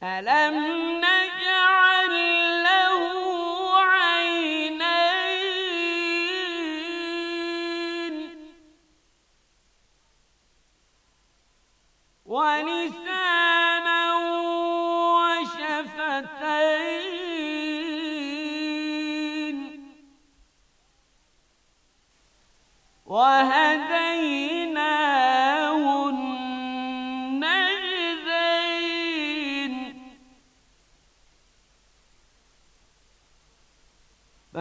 Alam na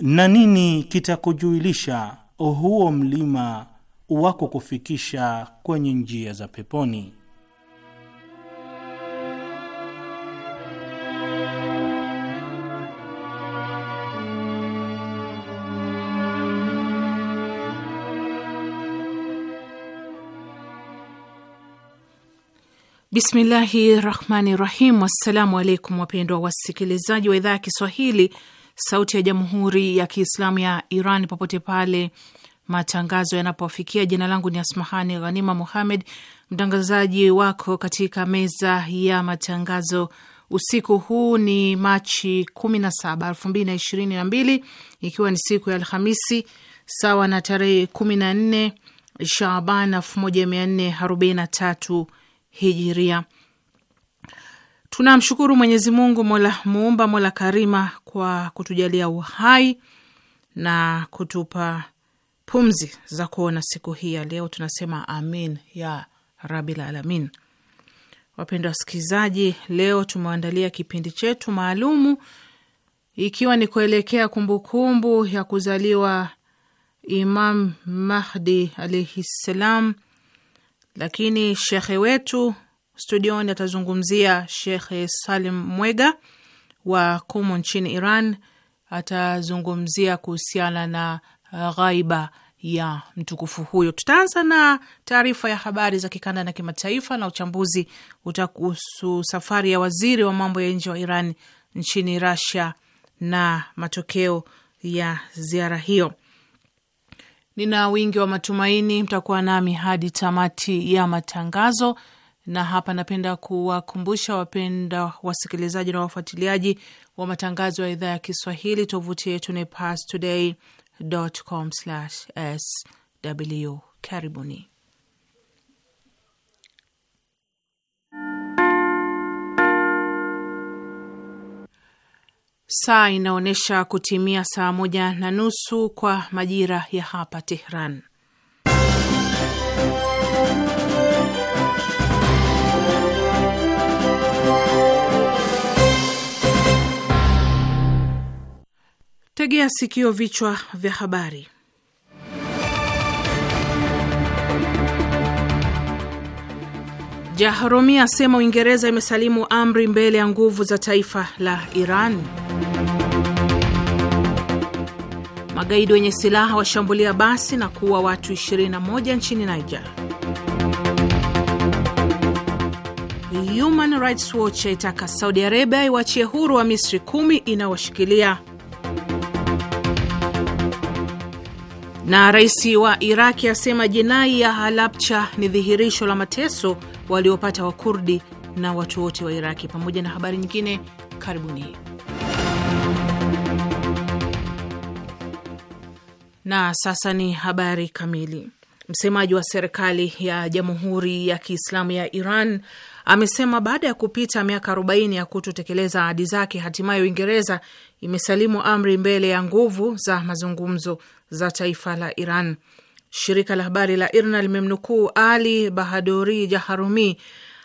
na nini kitakujuilisha huo mlima wako kufikisha kwenye njia za peponi? Bismillahi rahmani rahim. Assalamu alaikum wapendwa wasikilizaji wa idhaa ya Kiswahili sauti ya jamhuri ya kiislamu ya Iran popote pale matangazo yanapofikia. Jina langu ni Asmahani Ghanima Muhamed, mtangazaji wako katika meza ya matangazo. Usiku huu ni Machi 17, 2022 ikiwa ni siku ya Alhamisi sawa na tarehe 14 Shaban 1443 Hijiria. Tunamshukuru Mwenyezi Mungu mola muumba mola karima kwa kutujalia uhai na kutupa pumzi za kuona siku hii ya leo. Tunasema amin ya rabil alamin. Wapendwa wasikilizaji, leo tumeandalia kipindi chetu maalumu ikiwa ni kuelekea kumbukumbu ya kuzaliwa Imam Mahdi alaihi ssalam, lakini shekhe wetu Studioni atazungumzia Shekhe Salim Mwega wa Kumu nchini Iran, atazungumzia kuhusiana na uh, ghaiba ya mtukufu huyo. Tutaanza na taarifa ya habari za kikanda na kimataifa, na uchambuzi utakuhusu safari ya waziri wa mambo ya nje wa Iran nchini rasia na matokeo ya ziara hiyo. Nina wingi wa matumaini mtakuwa nami hadi tamati ya matangazo na hapa napenda kuwakumbusha wapenda wasikilizaji na wafuatiliaji wa matangazo ya idhaa ya Kiswahili, tovuti yetu ni pastoday.com/sw. Karibuni. Saa inaonyesha kutimia saa moja na nusu kwa majira ya hapa Tehran Tegea sikio, vichwa vya habari. Jahromi asema Uingereza imesalimu amri mbele ya nguvu za taifa la Iran. Magaidi wenye silaha washambulia basi na kuua watu 21 nchini Niger. Human Rights Watch yaitaka Saudi Arabia iwachie huru wa Misri kumi inayowashikilia Na rais wa Iraki asema jinai ya Halabcha ni dhihirisho la mateso waliopata Wakurdi na watu wote wa Iraki, pamoja na habari nyingine. Karibuni. Na sasa ni habari kamili. Msemaji wa serikali ya Jamhuri ya Kiislamu ya Iran amesema baada ya kupita miaka 40 ya kutotekeleza ahadi zake, hatimaye Uingereza imesalimu amri mbele ya nguvu za mazungumzo za taifa la Iran. Shirika la habari la IRNA limemnukuu Ali Bahadori Jaharumi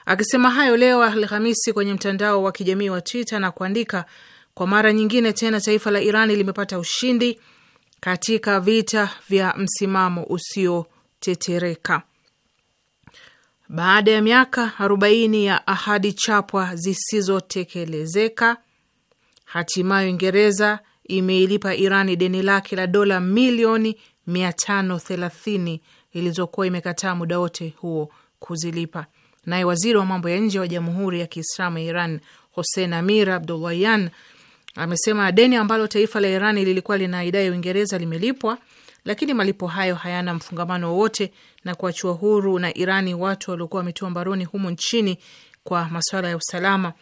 akisema hayo leo Alhamisi kwenye mtandao wa kijamii wa Twitter na kuandika, kwa mara nyingine tena taifa la Iran limepata ushindi katika vita vya msimamo usiotetereka baada ya miaka arobaini ya ahadi chapwa zisizotekelezeka. Hatimaye Uingereza imeilipa Irani deni lake la dola milioni 530 ilizokuwa imekataa muda wote huo kuzilipa. Naye waziri wa mambo ya nje wa Jamhuri ya Kiislamu ya Iran Hossein Amir Abdullahian amesema deni ambalo taifa la Iran lilikuwa linaidai Uingereza limelipwa, lakini malipo hayo hayana mfungamano wowote na kuachiwa huru na Irani watu waliokuwa wametiwa mbaroni humo nchini kwa masuala ya usalama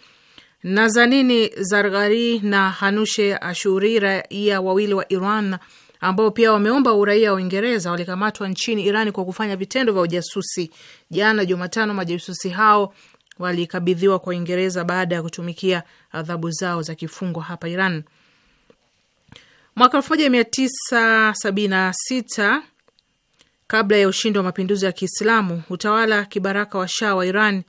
Nazanini Zarghari na Hanushe Ashuri, raia wawili wa Iran ambao pia wameomba uraia wa Uingereza walikamatwa nchini Iran kwa kufanya vitendo vya ujasusi. Jana Jumatano, majasusi hao walikabidhiwa kwa Uingereza baada ya kutumikia adhabu zao za kifungo hapa Iran. Mwaka sita kabla ya ushindi wa mapinduzi ya Kiislamu, utawala kibaraka wa Shah wa Iran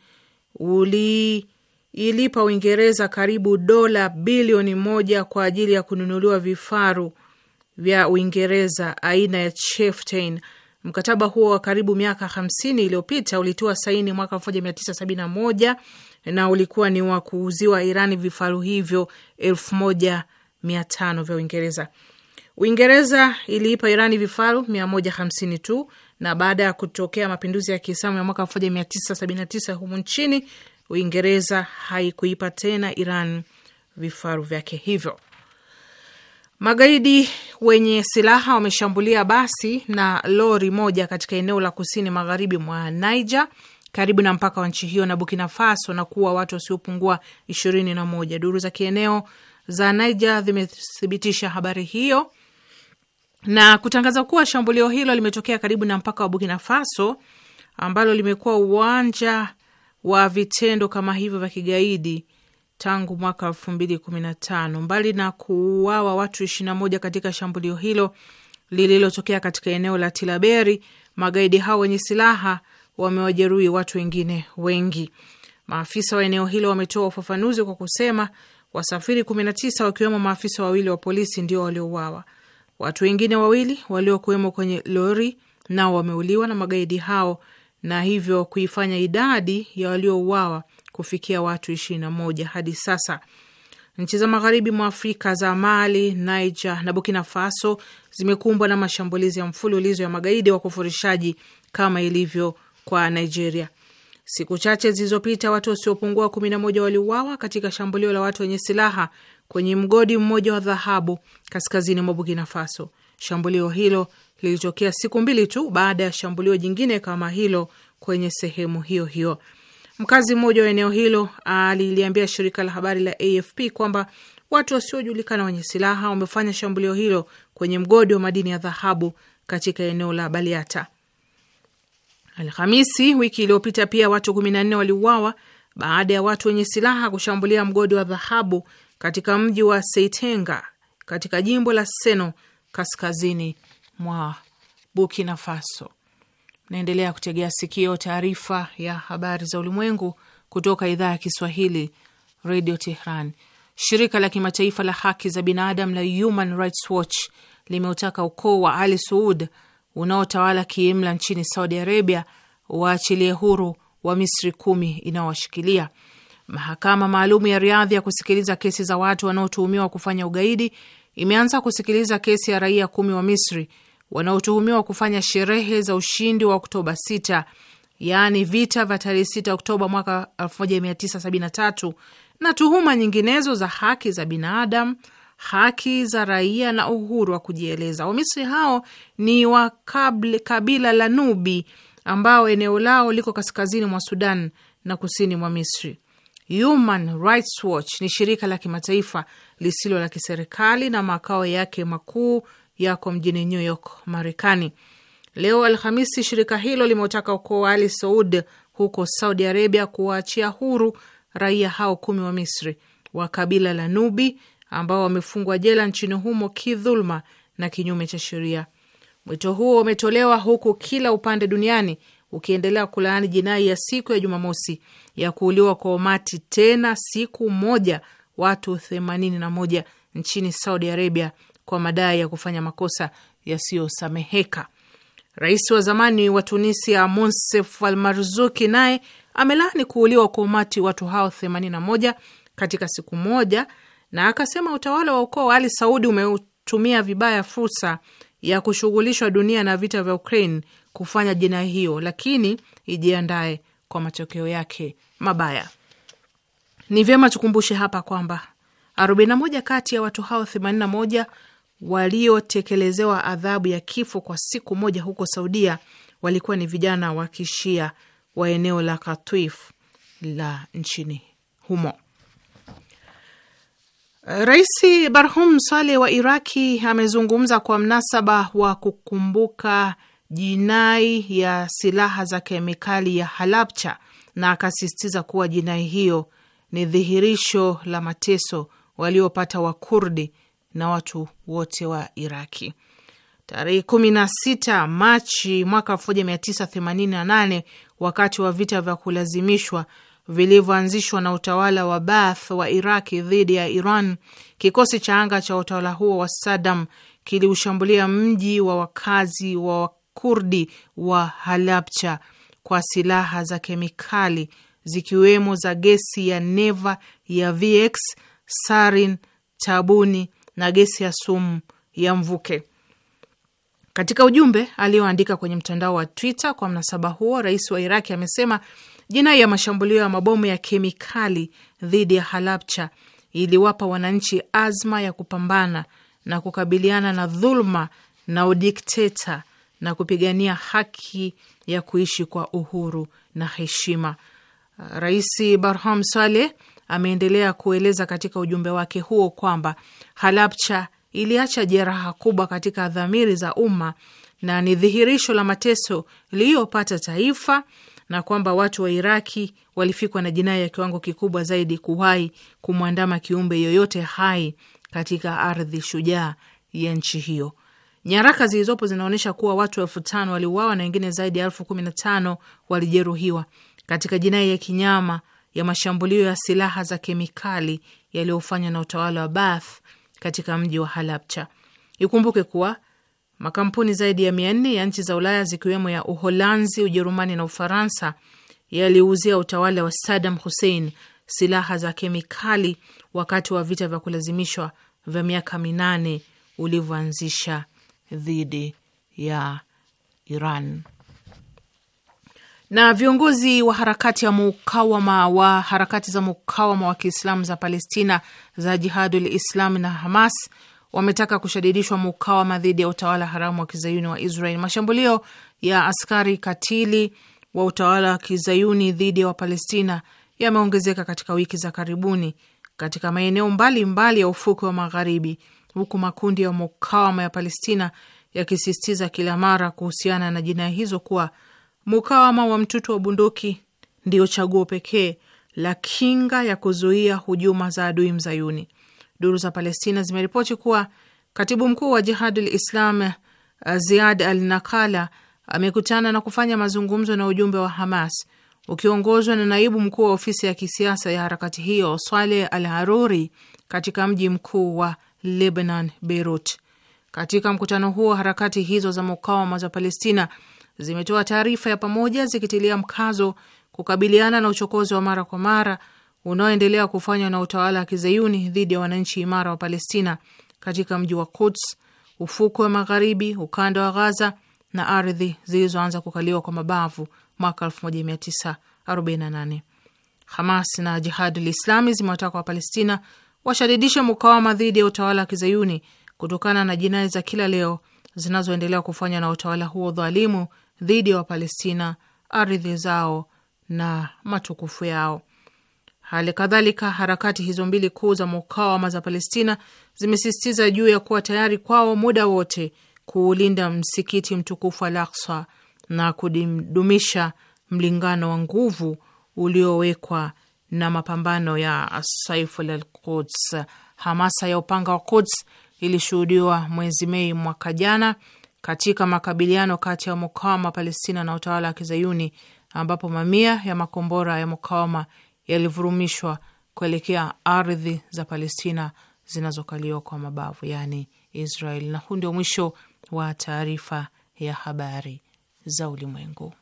uli ilipa Uingereza karibu dola bilioni moja kwa ajili ya kununuliwa vifaru vya Uingereza aina ya Chieftain. Mkataba huo wa karibu miaka hamsini iliyopita ulitiwa saini mwaka sabini na ulikuwa ni wa kuuziwa Irani vifaru hivyo tano vya Uingereza. Uingereza iliipa Irani vifaru hamsini tu, na baada ya kutokea mapinduzi ya Kiislamu ya mwaka tisa humu nchini Uingereza haikuipa tena Iran vifaru vyake hivyo. Magaidi wenye silaha wameshambulia basi na lori moja katika eneo la kusini magharibi mwa Niger karibu na mpaka wa nchi hiyo na Burkina Faso na kuwa watu wasiopungua ishirini na moja. Duru za kieneo za Niger zimethibitisha habari hiyo na kutangaza kuwa shambulio hilo limetokea karibu na mpaka wa Burkina Faso ambalo limekuwa uwanja wa vitendo kama hivyo vya kigaidi tangu mwaka elfu mbili kumi na tano. Mbali na kuuawa watu ishirini na moja katika shambulio hilo lililotokea katika eneo la Tilaberi, magaidi hao wenye silaha wamewajeruhi watu wengine wengi. Maafisa wa eneo hilo wametoa ufafanuzi kwa kusema wasafiri kumi na tisa wakiwemo maafisa wawili wa polisi ndio waliouawa. Watu wengine wawili waliokuwemo kwenye lori nao wameuliwa na magaidi hao na hivyo kuifanya idadi ya waliouawa kufikia watu ishirini na moja hadi sasa. Nchi za magharibi mwa Afrika za Mali, Niger na Burkina Faso zimekumbwa na mashambulizi ya mfululizo ya magaidi wa kufurishaji kama ilivyo kwa Nigeria. Siku chache zilizopita watu wasiopungua kumi na moja waliuawa katika shambulio la watu wenye silaha kwenye mgodi mmoja wa dhahabu kaskazini mwa Burkina Faso. Shambulio hilo lilitokea siku mbili tu baada ya shambulio jingine kama hilo kwenye sehemu hiyo hiyo. Mkazi mmoja wa eneo hilo aliliambia shirika la habari la AFP kwamba watu wasiojulikana wenye silaha wamefanya shambulio hilo kwenye mgodi wa madini ya dhahabu katika eneo la Baliata. Alhamisi wiki iliyopita pia watu nne waliuawa baada ya watu wenye silaha kushambulia mgodi wa dhahabu katika mji wa Seitenga katika jimbo la Seno kaskazini mwa Burkina Faso. Naendelea kutegea sikio taarifa ya habari za ulimwengu kutoka idhaa ya Kiswahili, Radio Tehran. Shirika la kimataifa la haki za binadamu la Human Rights Watch limeutaka ukoo wa Ali Suud unaotawala kiimla nchini Saudi Arabia waachilie huru wa Misri kumi inaowashikilia. Mahakama maalumu ya Riadhi ya kusikiliza kesi za watu wanaotuhumiwa kufanya ugaidi imeanza kusikiliza kesi ya raia kumi wa Misri wanaotuhumiwa kufanya sherehe za ushindi wa Oktoba 6 yaani vita vya tarehe 6 Oktoba mwaka 1973 na tuhuma nyinginezo za haki za binadamu, haki za raia na uhuru wa kujieleza. Wamisri hao ni wa kabila la Nubi ambao eneo lao liko kaskazini mwa Sudan na kusini mwa Misri. Human Rights Watch ni shirika la kimataifa lisilo la kiserikali na makao yake makuu yako mjini New York, Marekani. Leo Alhamisi, shirika hilo limeutaka ukoo wa Ali Saud huko Saudi Arabia kuwaachia huru raia hao kumi wa Misri wa kabila la Nubi ambao wamefungwa jela nchini humo kidhuluma na kinyume cha sheria. Mwito huo umetolewa huku kila upande duniani ukiendelea kulaani jinai ya siku ya Jumamosi ya kuuliwa kwa umati tena siku moja watu 81 nchini Saudi Arabia kwa madai ya kufanya makosa yasiyosameheka. Rais wa zamani wa Tunisia Monsef Almarzuki naye amelaani kuuliwa kwa umati watu hao 81 katika siku moja, na akasema utawala wa ukoo wa Ali Saudi umeutumia vibaya fursa ya kushughulishwa dunia na vita vya Ukraine kufanya jinai hiyo, lakini ijiandae kwa matokeo yake mabaya. Ni vyema tukumbushe hapa kwamba 41 kati ya watu hao waliotekelezewa adhabu ya kifo kwa siku moja huko Saudia walikuwa ni vijana wa kishia wa eneo la Katwif la nchini humo. Rais Barhum Saleh wa Iraki amezungumza kwa mnasaba wa kukumbuka jinai ya silaha za kemikali ya Halabcha na akasisitiza kuwa jinai hiyo ni dhihirisho la mateso waliopata Wakurdi na watu wote wa Iraki. Tarehe sita Machi mwaka nane wakati wa vita vya kulazimishwa vilivyoanzishwa na utawala wa Baath wa Iraki dhidi ya Iran, kikosi cha anga cha utawala huo wa Sadam kiliushambulia mji wa wakazi wa Wakurdi wa Halabcha kwa silaha za kemikali zikiwemo za gesi ya neva ya VX, sarin, tabuni na gesi ya sumu ya mvuke. Katika ujumbe aliyoandika kwenye mtandao wa Twitter kwa mnasaba huo, rais wa Iraki amesema jinai ya mashambulio ya mabomu ya kemikali dhidi ya Halabcha iliwapa wananchi azma ya kupambana na kukabiliana na dhuluma na udikteta na kupigania haki ya kuishi kwa uhuru na heshima. Rais Barham Saleh ameendelea kueleza katika ujumbe wake huo kwamba Halabcha iliacha jeraha kubwa katika dhamiri za umma na ni dhihirisho la mateso liliyopata taifa na kwamba watu wa Iraki walifikwa na jinai ya kiwango kikubwa zaidi kuwahi kumwandama kiumbe yoyote hai katika ardhi shujaa ya nchi hiyo. Nyaraka zilizopo zinaonyesha kuwa watu elfu tano waliuawa na wengine zaidi ya elfu kumi na tano walijeruhiwa katika jinai ya kinyama ya mashambulio ya silaha za kemikali yaliyofanywa na utawala wa Baath katika mji wa Halabcha. Ikumbuke kuwa makampuni zaidi ya mia nne ya nchi za Ulaya zikiwemo ya Uholanzi, Ujerumani na Ufaransa yaliuzia utawala wa Sadam Hussein silaha za kemikali wakati wa vita vya kulazimishwa vya miaka minane ulivyoanzisha dhidi ya Iran. Na viongozi wa harakati ya mukawama wa harakati za mukawama wa Kiislamu za Palestina za Jihadul Islam na Hamas wametaka kushadidishwa mukawama dhidi ya utawala haramu wa kizayuni wa Israel. Mashambulio ya askari katili wa utawala wa kizayuni dhidi ya Wapalestina yameongezeka katika wiki za karibuni katika maeneo mbalimbali ya ufukwe wa Magharibi, huku makundi ya mukawama ya Palestina yakisisitiza kila mara kuhusiana na jinai hizo kuwa Mukawama wa mtutu wa bunduki ndiyo chaguo pekee la kinga ya kuzuia hujuma za adui mzayuni. Duru za Palestina zimeripoti kuwa katibu mkuu wa Jihadul Islam eh, Ziad Al Nakala amekutana na kufanya mazungumzo na ujumbe wa Hamas ukiongozwa na naibu mkuu wa ofisi ya kisiasa ya harakati hiyo Saleh Al Haruri katika mji mkuu wa Lebanon, Beirut. Katika mkutano huo harakati hizo za mukawama za Palestina zimetoa taarifa ya pamoja zikitilia mkazo kukabiliana na uchokozi wa mara kwa mara unaoendelea kufanywa na utawala wa kizayuni dhidi ya wananchi imara wa Palestina katika mji wa Quds, ufukwe wa magharibi, ukanda wa Ghaza na ardhi zilizoanza kukaliwa kwa mabavu mwaka 1948. Hamas na Jihadul Islami zimewataka Wapalestina washadidishe mukawama dhidi ya utawala wa kizayuni kutokana na jinai za kila leo zinazoendelea kufanywa na utawala huo dhalimu dhidi ya Wapalestina, ardhi zao na matukufu yao. Hali kadhalika harakati hizo mbili kuu za mukawama za Palestina zimesisitiza juu ya kuwa tayari kwao muda wote kuulinda msikiti mtukufu Al Aksa na kudumisha mlingano wa nguvu uliowekwa na mapambano ya Saiful al Quds. Hamasa ya upanga wa Quds ilishuhudiwa mwezi Mei mwaka jana katika makabiliano kati ya mukawama wa Palestina na utawala wa Kizayuni, ambapo mamia ya makombora ya mukawama yalivurumishwa kuelekea ardhi za Palestina zinazokaliwa kwa mabavu, yaani Israel. Na huu ndio mwisho wa taarifa ya habari za ulimwengu.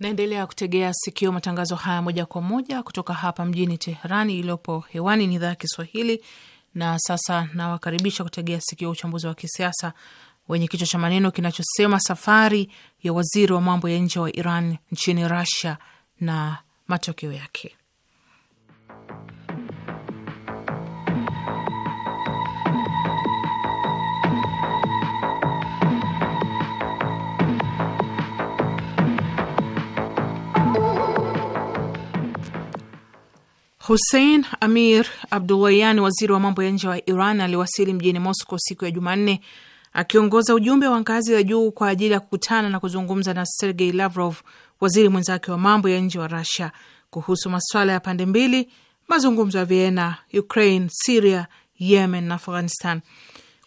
Naendelea kutegea sikio matangazo haya moja kwa moja kutoka hapa mjini Teherani. Iliyopo hewani ni idhaa ya Kiswahili. Na sasa nawakaribisha kutegea sikio uchambuzi wa kisiasa wenye kichwa cha maneno kinachosema safari ya waziri wa mambo ya nje wa Iran nchini rasia na matokeo yake. Hussein Amir Abdullayan, waziri wa mambo ya nje wa Iran, aliwasili mjini Moscow siku ya Jumanne akiongoza ujumbe wa ngazi ya juu kwa ajili ya kukutana na kuzungumza na Sergei Lavrov, waziri mwenzake wa mambo ya nje wa rasia kuhusu masuala ya pande mbili, mazungumzo ya Vienna, Ukraine, Siria, Yemen na Afghanistan.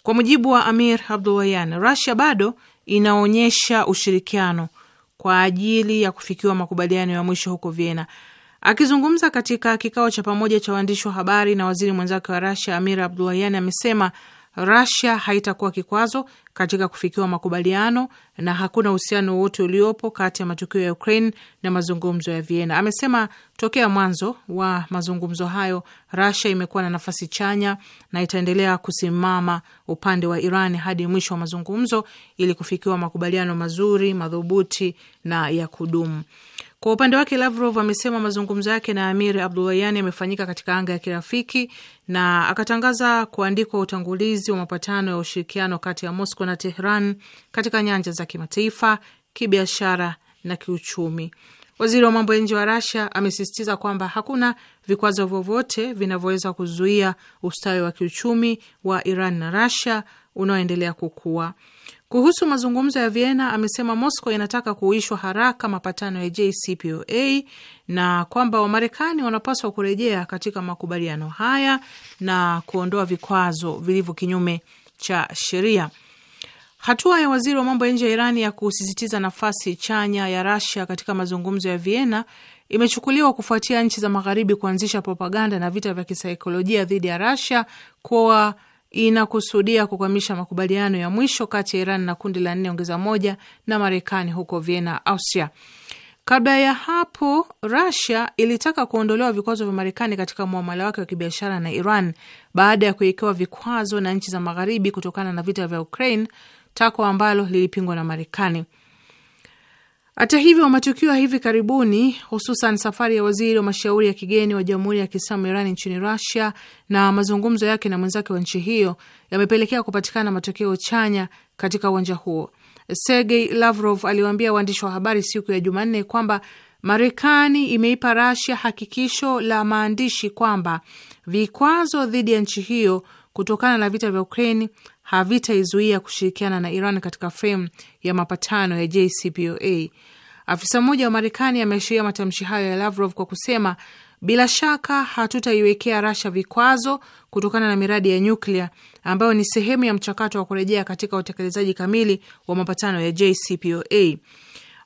Kwa mujibu wa Amir Abdullayan, rasia bado inaonyesha ushirikiano kwa ajili ya kufikiwa makubaliano ya mwisho huko Vienna Akizungumza katika kikao cha pamoja cha waandishi wa habari na waziri mwenzake wa Rasia Amir Abdullahian amesema Rasia haitakuwa kikwazo katika kufikiwa makubaliano na hakuna uhusiano wowote uliopo kati ya matukio ya Ukraine na mazungumzo ya Vienna. Amesema tokea mwanzo wa mazungumzo hayo Rasia imekuwa na nafasi chanya na itaendelea kusimama upande wa Iran hadi mwisho wa mazungumzo ili kufikiwa makubaliano mazuri, madhubuti na ya kudumu. Kwa upande wake Lavrov amesema mazungumzo yake na Amir Abdulayani yamefanyika katika anga ya kirafiki na akatangaza kuandikwa utangulizi wa mapatano ya ushirikiano kati ya Moscow na Tehran katika nyanja za kimataifa, kibiashara na kiuchumi. Waziri wa mambo ya nje wa Rasia amesisitiza kwamba hakuna vikwazo vyovyote vinavyoweza kuzuia ustawi wa kiuchumi wa Iran na Rasia unaoendelea kukua. Kuhusu mazungumzo ya Vienna amesema Moscow inataka kuishwa haraka mapatano ya JCPOA na kwamba Wamarekani wanapaswa kurejea katika makubaliano haya na kuondoa vikwazo vilivyo kinyume cha sheria. Hatua ya waziri wa mambo ya nje ya Irani ya kusisitiza nafasi chanya ya Rasia katika mazungumzo ya Vienna imechukuliwa kufuatia nchi za Magharibi kuanzisha propaganda na vita vya kisaikolojia dhidi ya Rasia kwa inakusudia kukwamisha makubaliano ya mwisho kati ya Iran na kundi la nne ongeza moja na Marekani huko Vienna, Austria. Kabla ya hapo, Rusia ilitaka kuondolewa vikwazo vya Marekani katika muamala wake wa kibiashara na Iran baada ya kuwekewa vikwazo na nchi za Magharibi kutokana na vita vya Ukraine, takwa ambalo lilipingwa na Marekani. Hata hivyo matukio ya hivi karibuni, hususan safari ya waziri wa mashauri ya kigeni wa Jamhuri ya Kiislamu Iran nchini rasia na mazungumzo yake na mwenzake wa nchi hiyo yamepelekea kupatikana matokeo chanya katika uwanja huo. Sergei Lavrov aliwaambia waandishi wa habari siku ya Jumanne kwamba Marekani imeipa rasia hakikisho la maandishi kwamba vikwazo dhidi ya nchi hiyo kutokana na vita vya Ukraini havitaizuia kushirikiana na Iran katika fremu ya mapatano ya JCPOA. Afisa mmoja wa Marekani ameashiria matamshi hayo ya Lavrov kwa kusema, bila shaka hatutaiwekea Rasha vikwazo kutokana na miradi ya nyuklia ambayo ni sehemu ya mchakato wa kurejea katika utekelezaji kamili wa mapatano ya JCPOA.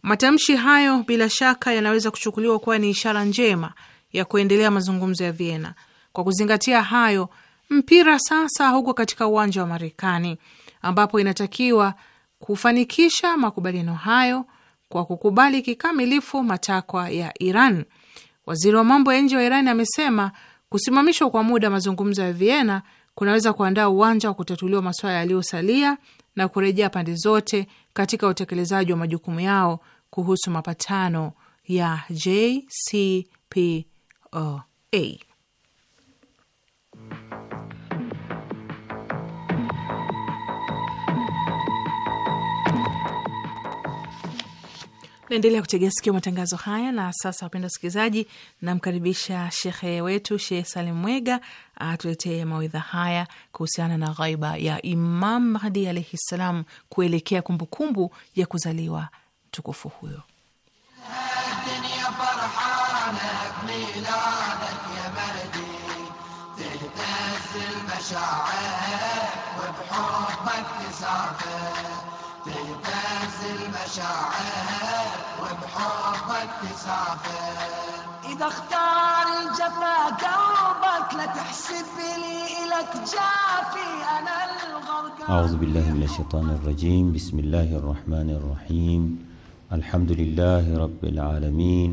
Matamshi hayo bila shaka yanaweza kuchukuliwa kuwa ni ishara njema ya kuendelea mazungumzo ya Vienna. Kwa kuzingatia hayo, Mpira sasa huko katika uwanja wa Marekani ambapo inatakiwa kufanikisha makubaliano hayo kwa kukubali kikamilifu matakwa ya Iran. Waziri wa mambo ya nje wa Iran amesema kusimamishwa kwa muda mazungumzo ya Vienna kunaweza kuandaa uwanja wa kutatuliwa masuala yaliyosalia na kurejea pande zote katika utekelezaji wa majukumu yao kuhusu mapatano ya JCPOA. Naendelea kutegea sikio matangazo haya. Na sasa, wapenda wasikilizaji, namkaribisha shekhe wetu Sheikh Salim Mwega atuletee mawidha haya kuhusiana na ghaiba ya Imam Mahdi alaihi ssalam kuelekea kumbukumbu kumbu ya kuzaliwa tukufu huyo. تسافر إذا اختار الجفا قلبك لا تحسب لي إلك جافي أنا الغرق أعوذ بالله من الشيطان الرجيم بسم الله الرحمن الرحيم الحمد لله رب العالمين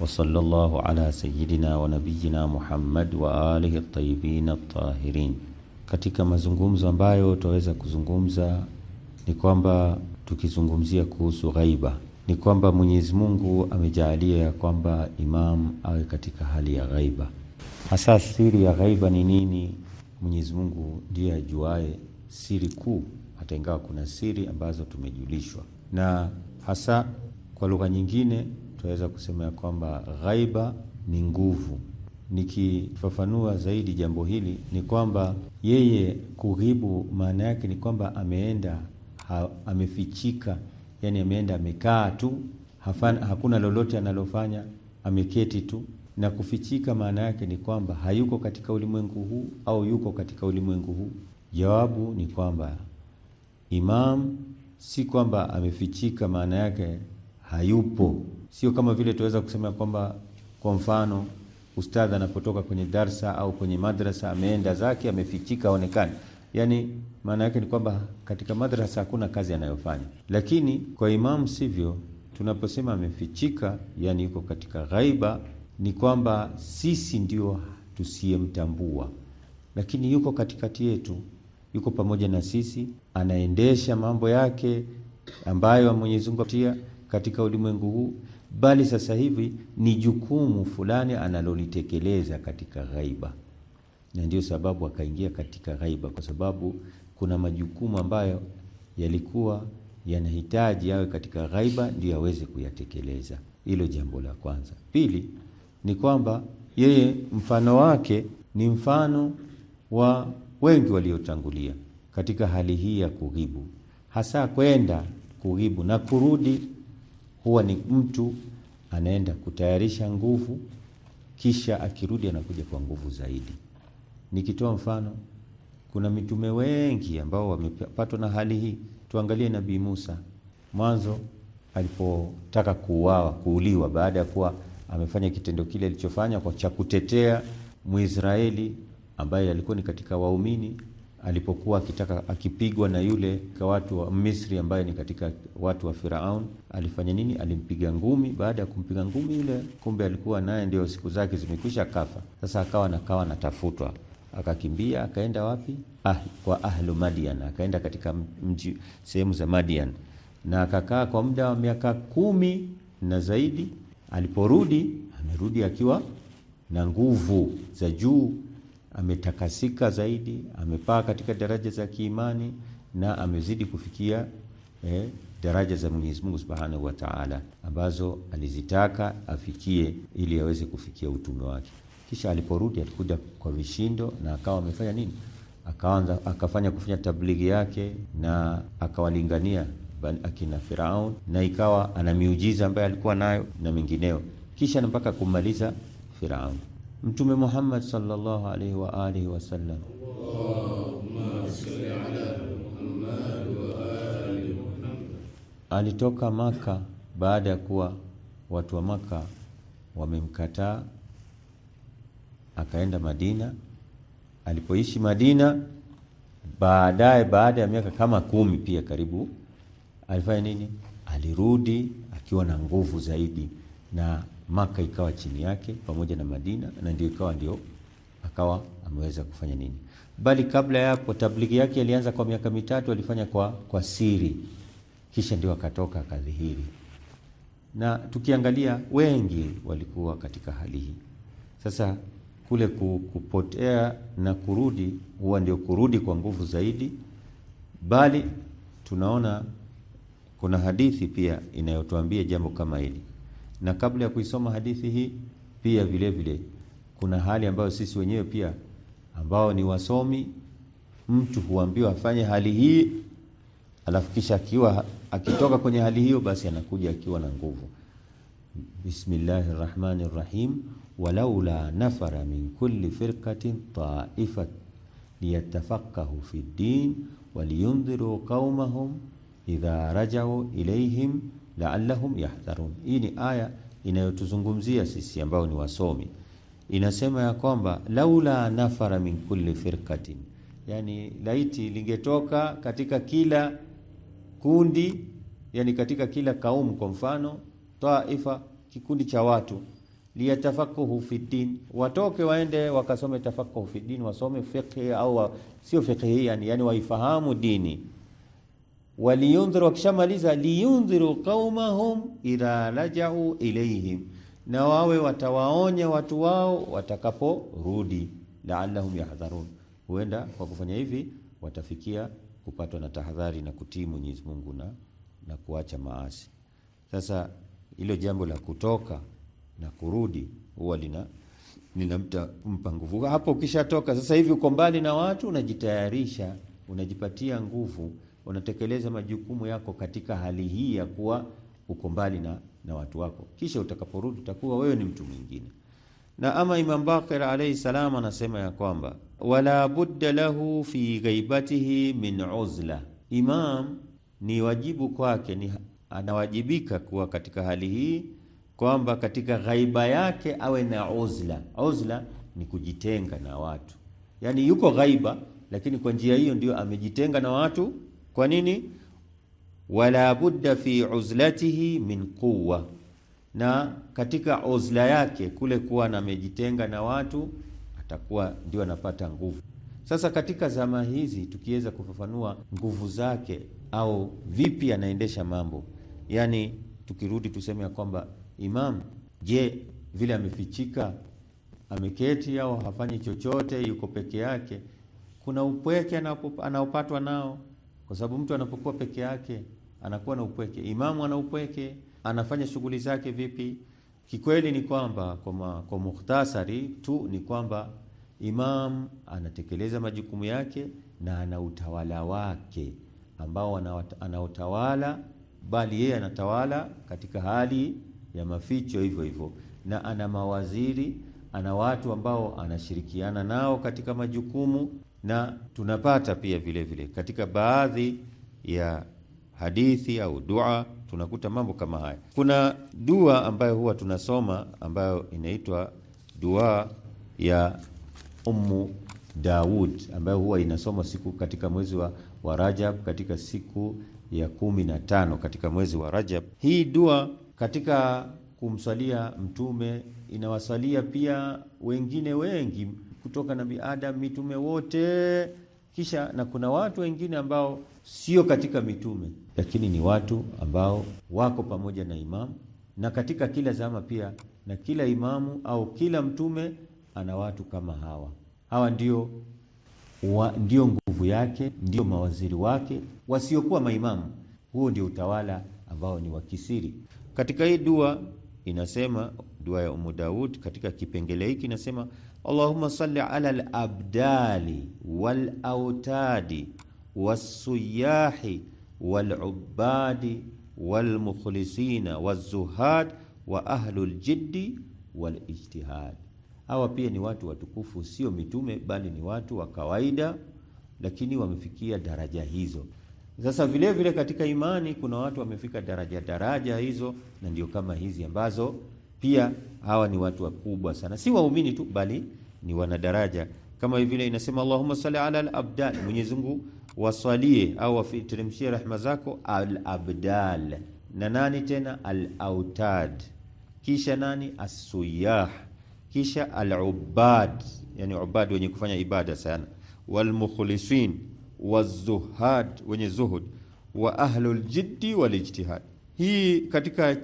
وصلى الله على سيدنا ونبينا محمد وآله الطيبين الطاهرين Katika mazungumzo ambayo tutaweza kuzungumza ni kwamba tukizungumzia kuhusu ghaiba ni kwamba Mwenyezi Mungu amejaalia ya kwamba imam awe katika hali ya ghaiba. Hasa siri ya ghaiba ni nini? Mwenyezi Mungu ndiye ajuae siri kuu, hata ingawa kuna siri ambazo tumejulishwa, na hasa kwa lugha nyingine tunaweza kusema ya kwamba ghaiba ni nguvu. Nikifafanua zaidi jambo hili ni kwamba yeye kughibu maana yake ni kwamba ameenda ha, amefichika yani ameenda amekaa tu hafana, hakuna lolote analofanya, ameketi tu. Na kufichika maana yake ni kwamba hayuko katika ulimwengu huu au yuko katika ulimwengu huu? Jawabu ni kwamba imam si kwamba amefichika, maana yake hayupo. Sio kama vile tunaweza kusema kwamba kwa mfano ustadha anapotoka kwenye darsa au kwenye madrasa ameenda zake, amefichika, aonekani Yani maana yake ni kwamba katika madrasa hakuna kazi anayofanya, lakini kwa imamu sivyo. Tunaposema amefichika, yani yuko katika ghaiba, ni kwamba sisi ndio tusiyemtambua, lakini yuko katikati yetu, yuko pamoja na sisi, anaendesha mambo yake ambayo Mwenyezi Mungu atia katika ulimwengu huu, bali sasa hivi ni jukumu fulani analolitekeleza katika ghaiba na ndio sababu akaingia katika ghaiba, kwa sababu kuna majukumu ambayo yalikuwa yanahitaji yawe katika ghaiba ndio aweze kuyatekeleza. Hilo jambo la kwanza. Pili ni kwamba yeye mfano wake ni mfano wa wengi waliotangulia katika hali hii ya kughibu, hasa kwenda kughibu na kurudi. Huwa ni mtu anaenda kutayarisha nguvu, kisha akirudi anakuja kwa nguvu zaidi. Nikitoa mfano, kuna mitume wengi ambao wamepatwa na hali hii. Tuangalie Nabii Musa mwanzo alipotaka kuuawa, kuuliwa baada ya kuwa amefanya kitendo kile alichofanya kwa cha kutetea Mwisraeli ambaye alikuwa ni katika waumini, alipokuwa akitaka akipigwa na yule kwa watu wa Misri ambaye ni katika watu wa Firaun, alifanya nini? Alimpiga ngumi. Baada ya kumpiga ngumi yule, kumbe alikuwa naye ndio siku zake zimekwisha, kafa. Sasa akawa nakawa natafutwa akakimbia akaenda wapi? Ah, kwa ahlu Madian, akaenda katika mji sehemu za Madian na akakaa kwa muda wa miaka kumi na zaidi. Aliporudi amerudi akiwa na nguvu za juu, ametakasika zaidi, amepaa katika daraja za kiimani na amezidi kufikia eh, daraja za Mwenyezi Mungu Subhanahu wa Ta'ala ambazo alizitaka afikie ili aweze kufikia utume wake. Kisha aliporudi alikuja kwa vishindo na akawa amefanya nini, akaanza akafanya kufanya tablighi yake na akawalingania akina Firaun na ikawa ana miujiza ambayo alikuwa nayo na mengineo, kisha mpaka kumaliza Firaun. Mtume Muhammad sallallahu alaihi wa alihi wasallam alitoka Maka baada ya kuwa watu wa Maka wamemkataa akaenda Madina. Alipoishi Madina, baadaye baada ya miaka kama kumi pia karibu, alifanya nini? Alirudi akiwa na nguvu zaidi, na Maka ikawa chini yake pamoja na Madina, na ndio ikawa ndio akawa ameweza kufanya nini, bali kabla ya hapo tabliki yake alianza kwa miaka mitatu, alifanya kwa, kwa siri, kisha ndio akatoka akadhihiri. Na tukiangalia wengi walikuwa katika hali hii sasa kule kupotea na kurudi huwa ndio kurudi kwa nguvu zaidi, bali tunaona kuna hadithi pia inayotuambia jambo kama hili, na kabla ya kuisoma hadithi hii pia vile vile kuna hali ambayo sisi wenyewe pia ambao ni wasomi, mtu huambiwa afanye hali hii, alafu kisha akiwa akitoka kwenye hali hiyo, basi anakuja akiwa na nguvu. Bismillahir Rahmanir Rahim walaula nafara min kulli firqatin taifat liyatafaqahu fi ddin waliyundhiru qaumahum idha rajau ilaihim laallahum yahdharun. Hii ni aya inayotuzungumzia sisi ambao ni wasomi. Inasema ya kwamba laula nafara min kulli firqatin, yani laiti lingetoka katika kila kundi, yani katika kila kaumu, kwa mfano taifa, kikundi cha watu liyatafakuhu fi din, watoke waende wakasome tafakuhu fi din, wasome fiqh au sio fiqh yani, yani waifahamu dini. Waliyundhiru, wakishamaliza liyundhiru qaumahum idha rajau ilaihim, na wawe watawaonya watu wao watakaporudi. Laallahum yahdharun, huenda kwa kufanya hivi watafikia kupatwa na tahadhari na kutii Mwenyezi Mungu na, na kuacha maasi. Sasa hilo jambo la kutoka na kurudi huwa lina mpa nguvu. Hapo ukishatoka sasa hivi uko mbali na watu, unajitayarisha, unajipatia nguvu, unatekeleza majukumu yako katika hali hii ya kuwa uko mbali na, na watu wako, kisha utakaporudi utakuwa wewe ni mtu mwingine. Na ama Imam Baqir alayhi salam anasema ya kwamba wala budda lahu fi ghaibatihi min uzla, imam ni wajibu kwake, ni anawajibika kuwa katika hali hii kwamba katika ghaiba yake awe na uzla. Uzla ni kujitenga na watu, yaani yuko ghaiba, lakini kwa njia hiyo ndio amejitenga na watu. Kwa nini? wala budda fi uzlatihi min quwwa, na katika uzla yake kule kuwa na amejitenga na watu atakuwa ndio anapata nguvu. Sasa katika zama hizi tukiweza kufafanua nguvu zake au vipi anaendesha mambo, yani tukirudi tuseme ya kwamba Imam, je, vile amefichika, ameketi au hafanyi chochote, yuko peke yake? Kuna upweke anaopatwa nao, kwa sababu mtu anapokuwa peke yake anakuwa na upweke. Imamu ana upweke, anafanya shughuli zake vipi? Kikweli ni kwamba kwa, kwa mukhtasari tu ni kwamba imam anatekeleza majukumu yake na ana utawala wake ambao anaotawala bali yeye anatawala katika hali ya maficho hivyo hivyo, na ana mawaziri, ana watu ambao anashirikiana nao katika majukumu, na tunapata pia vile vile katika baadhi ya hadithi au dua tunakuta mambo kama haya. Kuna dua ambayo huwa tunasoma ambayo inaitwa dua ya Ummu Daud ambayo huwa inasoma siku katika mwezi wa, wa Rajab katika siku ya kumi na tano katika mwezi wa Rajab. Hii dua katika kumswalia mtume, inawasalia pia wengine wengi kutoka na Adam, mitume wote, kisha na kuna watu wengine ambao sio katika mitume, lakini ni watu ambao wako pamoja na imamu. Na katika kila zama pia na kila imamu au kila mtume ana watu kama hawa. Hawa ndio wa, ndio nguvu yake, ndio mawaziri wake wasiokuwa maimamu. Huo ndio utawala ambao ni wa kisiri. Katika hii dua inasema, dua ya Umu Daud katika kipengele hiki inasema Allahumma salli ala al-abdali wal-autadi was-suyahi wal-ubadi wal-mukhlisina waz-zuhad wa ahlul jiddi wal-ijtihad. Hawa pia ni watu watukufu, sio mitume bali ni watu wa kawaida, lakini wamefikia daraja hizo. Sasa vile vile katika imani kuna watu wamefika daraja daraja hizo, na ndio kama hizi ambazo pia hawa ni watu wakubwa sana, si waumini tu, bali ni wanadaraja kama vile inasema Allahumma salli ala al-abdal, Mwenyezi Mungu wasalie au wateremshie rahma zako al-abdal, na nani tena al-autad, kisha nani as-suyah, kisha al-ubad, yani ubad wenye kufanya ibada sana, wal mukhlisin wazuhad, wenye zuhud wa ahlul jiddi wal ijtihad. Hii katika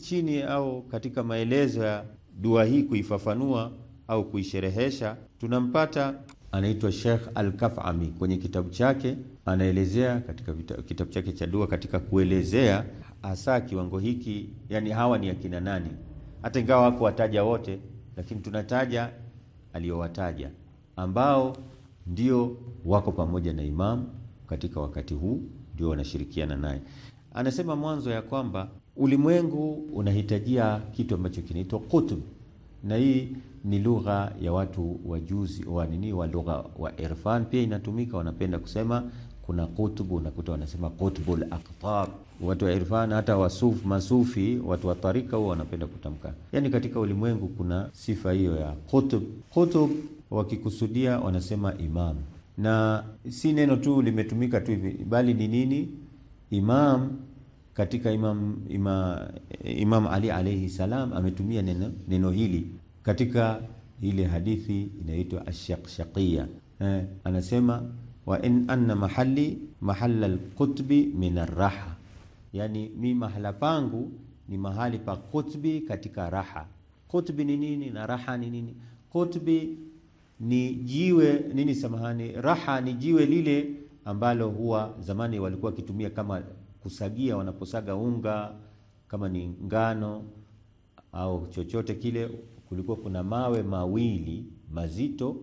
chini au katika maelezo ya dua hii kuifafanua au kuisherehesha, tunampata anaitwa Sheikh Al-Kafami kwenye kitabu chake anaelezea katika kitabu chake cha dua katika kuelezea hasa kiwango hiki, yani hawa ni akina nani, hata ingawa wako wataja wote, lakini tunataja aliyowataja ambao ndio wako pamoja na imamu katika wakati huu, ndio wanashirikiana naye. Anasema mwanzo ya kwamba ulimwengu unahitajia kitu ambacho kinaitwa qutb, na hii ni lugha ya watu wajuzi wa nini wa lugha wa irfan, pia inatumika, wanapenda kusema kuna kutubu, unakuta wanasema kutbul aqtab. Watu wa irfan hata wasuf, masufi, watu wa tarika huwa wanapenda kutamka, Yani katika ulimwengu kuna sifa hiyo ya kutub. Kutub wakikusudia wanasema imam, na si neno tu limetumika tu hivi, bali ni nini imam katika imam, ima, Imam Ali alayhi salam ametumia neno, neno hili katika ile hadithi inaitwa ashaqshaqia eh, anasema wa in anna mahalli mahalla alqutbi min arraha, yani mi mahala pangu ni mahali pa kutbi katika raha. kutbi ni nini na raha ni nini? Kutbi ni jiwe nini, samahani, raha ni jiwe lile ambalo huwa zamani walikuwa wakitumia kama kusagia, wanaposaga unga kama ni ngano au chochote kile, kulikuwa kuna mawe mawili mazito,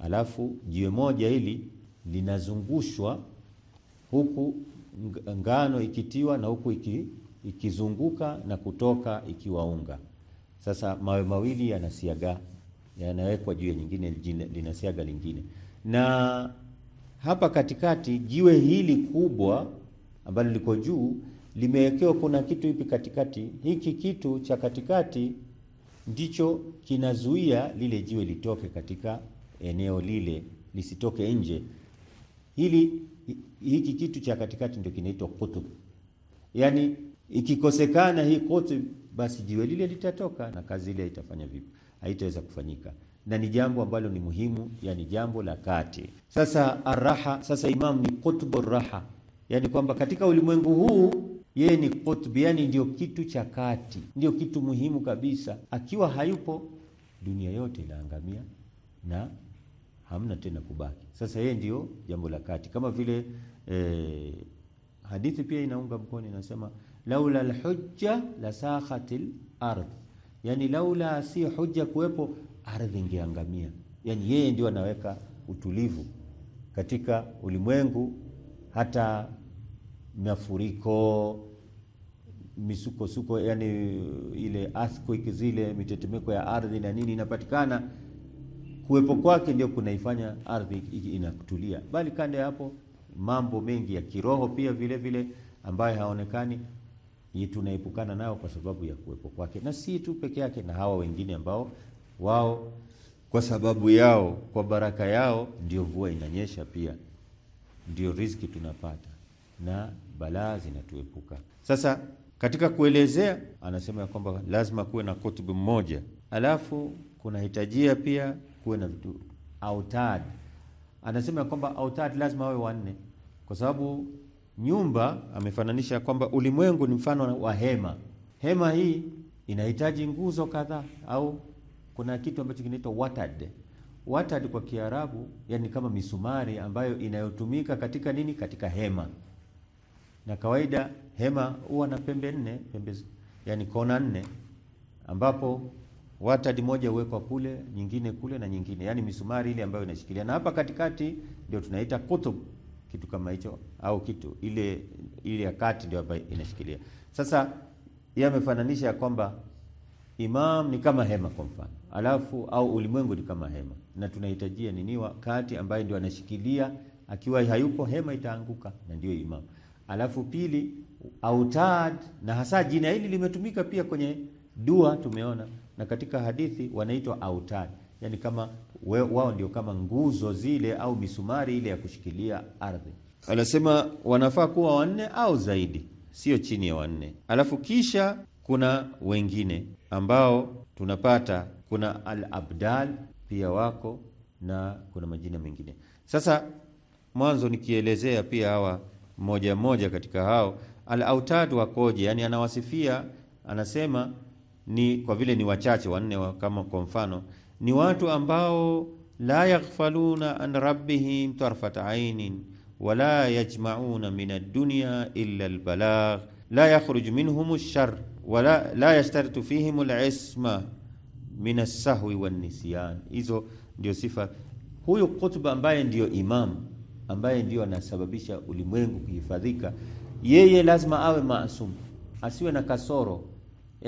alafu jiwe moja hili linazungushwa huku ngano ikitiwa na huku iki, ikizunguka na kutoka ikiwa unga. Sasa mawe mawili yanasiaga yanawekwa ya nyingine linasiaga lingine, na hapa katikati jiwe hili kubwa ambalo liko juu limewekewa kuna kitu hipi katikati. Hiki kitu cha katikati ndicho kinazuia lile jiwe litoke katika eneo lile lisitoke nje. Hili hiki kitu cha katikati ndio kinaitwa kutub, yaani ikikosekana hii kutub, basi jiwe lile litatoka na kazi ile itafanya vipi? haitaweza kufanyika na ni jambo ambalo ni muhimu, yani jambo la kati. Sasa araha, sasa Imam ni kutbu raha, yani kwamba katika ulimwengu huu yeye ni qutbu, yani ndio kitu cha kati, ndio kitu muhimu kabisa. Akiwa hayupo dunia yote inaangamia na hamna tena kubaki. Sasa yeye ndio jambo la kati, kama vile eh, hadithi pia inaunga mkono, inasema laula lhujja la sakhatil ardh yani laula si hoja kuwepo, ardhi ingeangamia. Yani yeye ndio anaweka utulivu katika ulimwengu, hata mafuriko, misukosuko, yani ile earthquake, zile mitetemeko ya ardhi na nini inapatikana, kuwepo kwake ndio kunaifanya ardhi inakutulia. Bali kando ya hapo, mambo mengi ya kiroho pia vile vile ambayo haonekani tunaepukana nao kwa sababu ya kuwepo kwake, na si tu peke yake, na hawa wengine ambao wao kwa sababu yao, kwa baraka yao ndio mvua inanyesha, pia ndio riziki tunapata na balaa zinatuepuka. Sasa katika kuelezea, anasema ya kwamba lazima kuwe na kutubu mmoja, alafu kunahitajia pia kuwe na vitu autad. Anasema ya kwamba autad lazima wawe wanne kwa sababu Nyumba amefananisha kwamba ulimwengu ni mfano wa hema. Hema hii inahitaji nguzo kadhaa, au kuna kitu ambacho kinaitwa watad. Watad kwa Kiarabu yani kama misumari ambayo inayotumika katika nini, katika hema. Na kawaida hema huwa na pembe nne, pembe yani kona nne, ambapo watad moja huwekwa kule, nyingine kule na nyingine, yani misumari ile ambayo inashikilia, na hapa katikati ndio tunaita kutub kitu kama hicho au kitu ile ile ya kati ndio ambayo inashikilia. Sasa yeye amefananisha kwamba imam ni kama hema kwa mfano, alafu au ulimwengu ni kama hema, na tunahitajia nini? kati ambaye ndio anashikilia, akiwa hayupo hema itaanguka, na ndio imam. Alafu pili, autad, na hasa jina hili limetumika pia kwenye dua tumeona, na katika hadithi wanaitwa autad, yani kama wao ndio kama nguzo zile au misumari ile ya kushikilia ardhi. Anasema wanafaa kuwa wanne au zaidi, sio chini ya wanne. Alafu kisha kuna wengine ambao tunapata, kuna al-abdal pia wako na kuna majina mengine. Sasa mwanzo nikielezea pia hawa mmoja mmoja katika hao al-autad wakoje, yani anawasifia, anasema ni kwa vile ni wachache wanne, kama kwa mfano ni watu ambao la yaghfaluna an rabbihim tarfata ainin wala yajmauna min ad-dunya illa al-balagh la yakhruj minhum ash-sharr wala la yashtaritu fihim al-isma min as-sahwi wan-nisyan. Hizo ndio sifa huyu Qutba ambaye ndiyo imam ambaye ndio anasababisha ulimwengu kuhifadhika, yeye lazima awe maasum, asiwe na kasoro,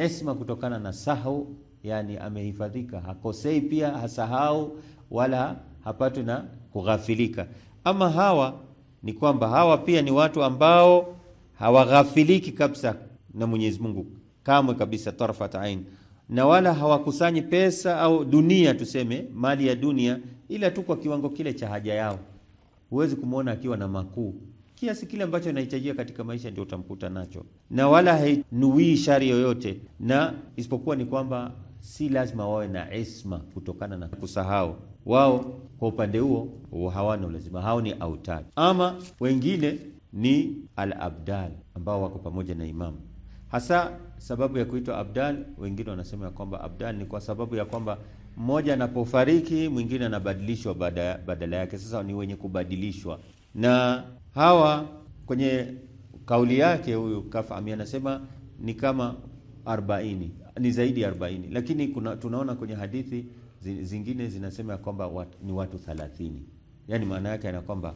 isma kutokana na sahau yani amehifadhika, hakosei pia, hasahau wala hapatwi na kughafilika. Ama hawa ni kwamba hawa pia ni watu ambao hawaghafiliki kabisa na Mwenyezi Mungu kamwe kabisa, tarfat ain, na wala hawakusanyi pesa au dunia, tuseme mali ya dunia, ila tu kwa kiwango kile cha haja yao. Huwezi kumwona akiwa na makuu kiasi kile ambacho anahitajia katika maisha ndio utamkuta nacho, na wala hainuii shari yoyote, na isipokuwa ni kwamba si lazima wawe na isma kutokana na kusahau wao. Kwa upande huo hawana ulazima, hao ni autad. Ama wengine ni al-abdal ambao wako pamoja na imamu, hasa sababu ya kuitwa abdal. Wengine wanasema ya kwamba abdal ni kwa sababu ya kwamba mmoja anapofariki mwingine anabadilishwa badala yake. Sasa ni wenye kubadilishwa na hawa. Kwenye kauli yake huyu Kafami anasema ni kama arobaini ni zaidi ya 40, lakini kuna, tunaona kwenye hadithi zingine zinasema kwamba wat, ni watu 30. Yani maana yake ni kwamba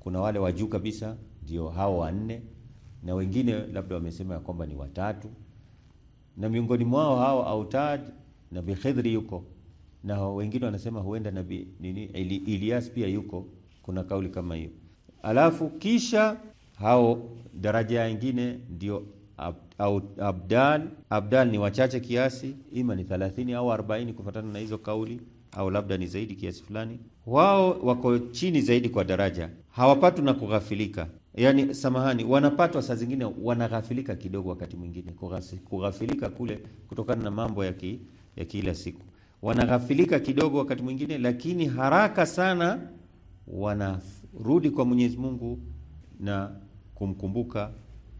kuna wale wa juu kabisa ndio hao wanne, na wengine labda wamesema kwamba ni watatu, na miongoni mwao hao Autad na Khidri yuko na wengine wanasema huenda nabi nini Elias pia yuko, kuna kauli kama hiyo. Alafu kisha hao daraja nyingine ndio au abdan, abdan ni wachache kiasi, ima ni 30 au 40 kufuatana na hizo kauli, au labda ni zaidi kiasi fulani. Wao wako chini zaidi kwa daraja, hawapatwi na kughafilika Yani, samahani, wanapatwa saa zingine, wanaghafilika kidogo, wakati mwingine kughafilika kule kutokana na mambo ya, ki, ya kila siku, wanaghafilika kidogo wakati mwingine, lakini haraka sana wanarudi kwa Mwenyezi Mungu na kumkumbuka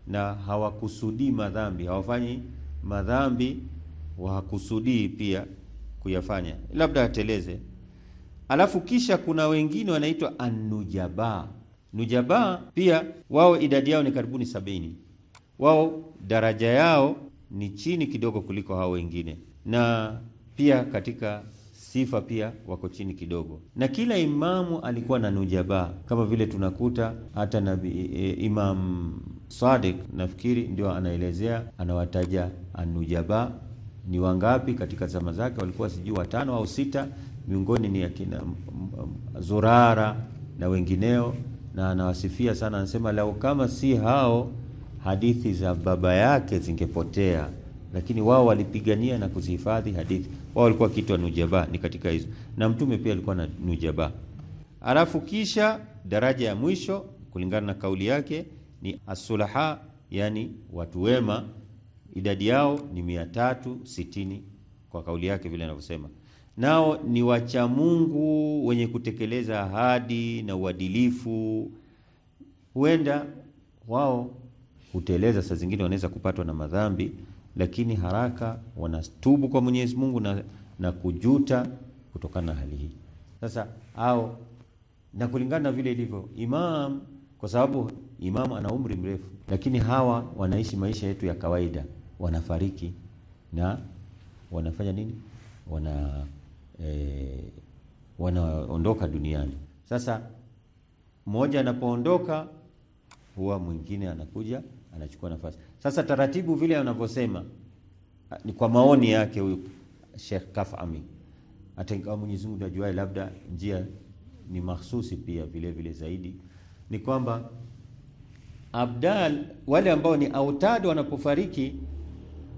na hawakusudii madhambi, hawafanyi madhambi, wahakusudii pia kuyafanya, labda ateleze. Alafu kisha kuna wengine wanaitwa anujaba. Nujaba pia wao idadi yao ni karibuni sabini. Wao daraja yao ni chini kidogo kuliko hao wengine, na pia katika sifa pia wako chini kidogo, na kila imamu alikuwa na nujaba, kama vile tunakuta hata nabi, e, eh, imam Sadiq nafikiri ndio anaelezea, anawataja anujaba ni wangapi katika zama zake, walikuwa sijui watano au sita, miongoni ni akina mm, mm, Zurara na wengineo, na anawasifia sana, anasema lau kama si hao hadithi za baba yake zingepotea, lakini wao walipigania na kuzihifadhi hadithi. Wao walikuwa kitu nujaba, ni katika hizo, na mtume pia alikuwa na nujaba. Alafu kisha daraja ya mwisho kulingana na kauli yake ni asulaha, yani watu wema, idadi yao ni mia tatu sitini kwa kauli yake vile anavyosema, nao ni wacha Mungu wenye kutekeleza ahadi na uadilifu. Huenda wao huteleza, saa zingine wanaweza kupatwa na madhambi, lakini haraka wanatubu kwa Mwenyezi Mungu na, na kujuta kutokana na hali hii. Sasa au na kulingana na vile ilivyo Imam, kwa sababu Imamu ana umri mrefu, lakini hawa wanaishi maisha yetu ya kawaida, wanafariki na wanafanya nini? Wana e, wanaondoka duniani. Sasa mmoja anapoondoka, huwa mwingine anakuja anachukua nafasi. Sasa taratibu vile anavyosema ni kwa maoni yake huyu Sheikh Kafami, Amin, hata Mwenyezi Mungu ajuae, labda njia ni mahsusi pia vile vile zaidi ni kwamba abdal wale ambao ni autad wanapofariki,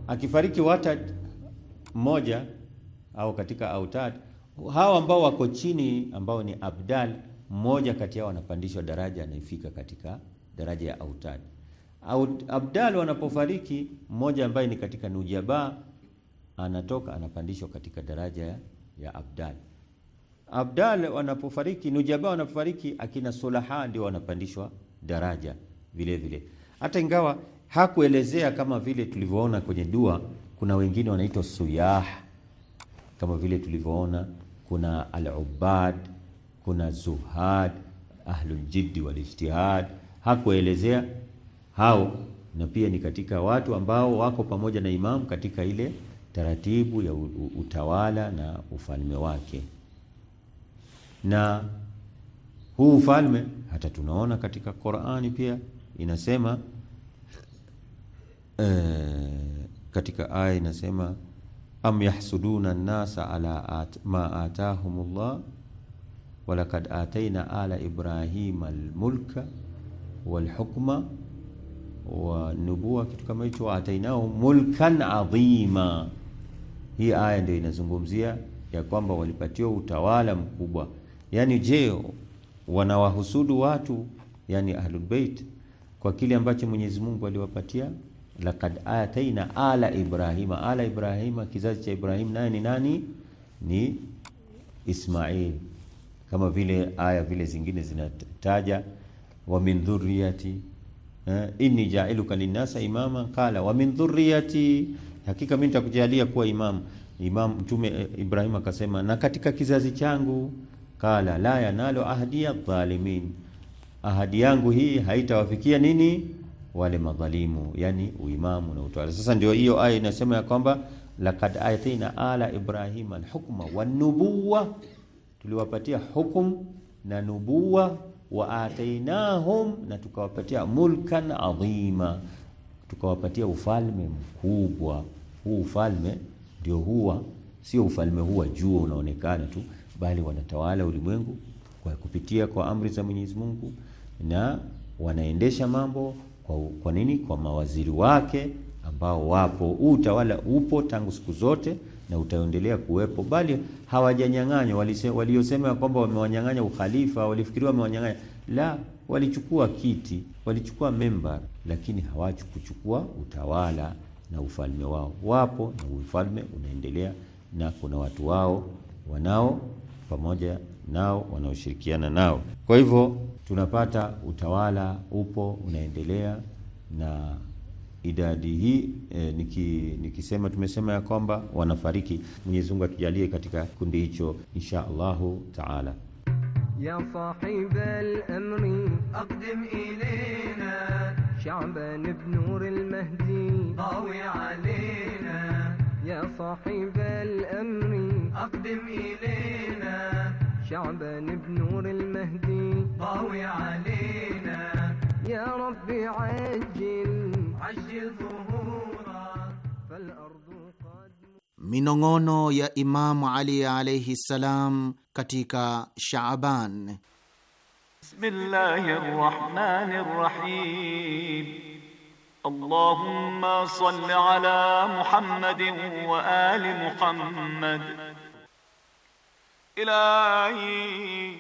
akifariki watad mmoja au katika autad, hawa ambao wako chini ambao ni abdal mmoja kati yao anapandishwa daraja, anaifika katika daraja ya autad. Abdal wanapofariki, mmoja ambaye ni katika nujaba anatoka anapandishwa katika daraja ya abdal. Abdal wanapofariki, nujaba wanapofariki, akina sulaha ndio wanapandishwa daraja vile vile. Hata ingawa hakuelezea kama vile tulivyoona kwenye dua, kuna wengine wanaitwa suyah kama vile tulivyoona, kuna al-ubad, kuna zuhad, wal walijtihad. Hakuelezea hao, na pia ni katika watu ambao wako pamoja na imam katika ile taratibu ya utawala na ufalme wake. Na huu ufalme hata tunaona katika Qur'ani pia inasema e, katika aya inasema am yahsuduna nnasa ala at, ma atahumullah walakad ataina ala ibrahima almulka walhukma wa nubuwa, kitu kama hicho. Atainahum mulkan adhima. Hii aya ndio inazungumzia ya kwamba walipatiwa utawala mkubwa. Yani je, wanawahusudu watu yani ahlul bait kwa kile ambacho Mwenyezi Mungu aliwapatia Laqad ataina ala Ibrahima, ala Ibrahima, kizazi cha Ibrahim naye ni nani? Ni Ismail, kama vile aya vile zingine zinataja wa min dhurriyati eh, inni ja'iluka linnasa imama qala wa min dhurriyati, hakika mimi nitakujalia kuwa imam. Imam Mtume eh, Ibrahim akasema na katika kizazi changu, qala la yanalo ahdiya dhalimin ahadi yangu hii haitawafikia nini wale madhalimu, yani uimamu na utawala. Sasa ndio hiyo aya inasema ya kwamba lakad atina ala ibrahima alhukma wanubuwa, tuliwapatia hukum na nubuwa, wa atainahum, na tukawapatia mulkan adhima, tukawapatia ufalme mkubwa. Huu ufalme ndio huwa sio ufalme huu wa unaonekana tu, bali wanatawala ulimwengu kwa kupitia kwa amri za Mwenyezi Mungu na wanaendesha mambo kwa, kwa nini? Kwa mawaziri wake ambao wapo. Huu utawala upo tangu siku zote na utaendelea kuwepo, bali hawajanyang'anywa. Waliosema ya kwamba wamewanyang'anya ukhalifa, walifikiria wamewanyang'anya, la, walichukua kiti, walichukua memba, lakini kuchukua utawala na ufalme wao. Wapo na ufalme unaendelea, na kuna watu wao wanao pamoja nao wanaoshirikiana nao. Kwa hivyo tunapata utawala upo unaendelea na idadi hii e, niki, nikisema tumesema ya kwamba wanafariki. Mwenyezi Mungu atujalie katika kikundi hicho insha Allahu taala. ya sahib al-amri aqdim ilayna شعبان بنور المهدي ضاوي علينا يا ربي عجل عجل ظهورا فالأرض قد minong'ono ya Imamu Ali alaihi ssalam katika Shaaban. Bismillahir Rahmanir Rahim. Allahumma salli ala Muhammadin wa ali Muhammad. إلهي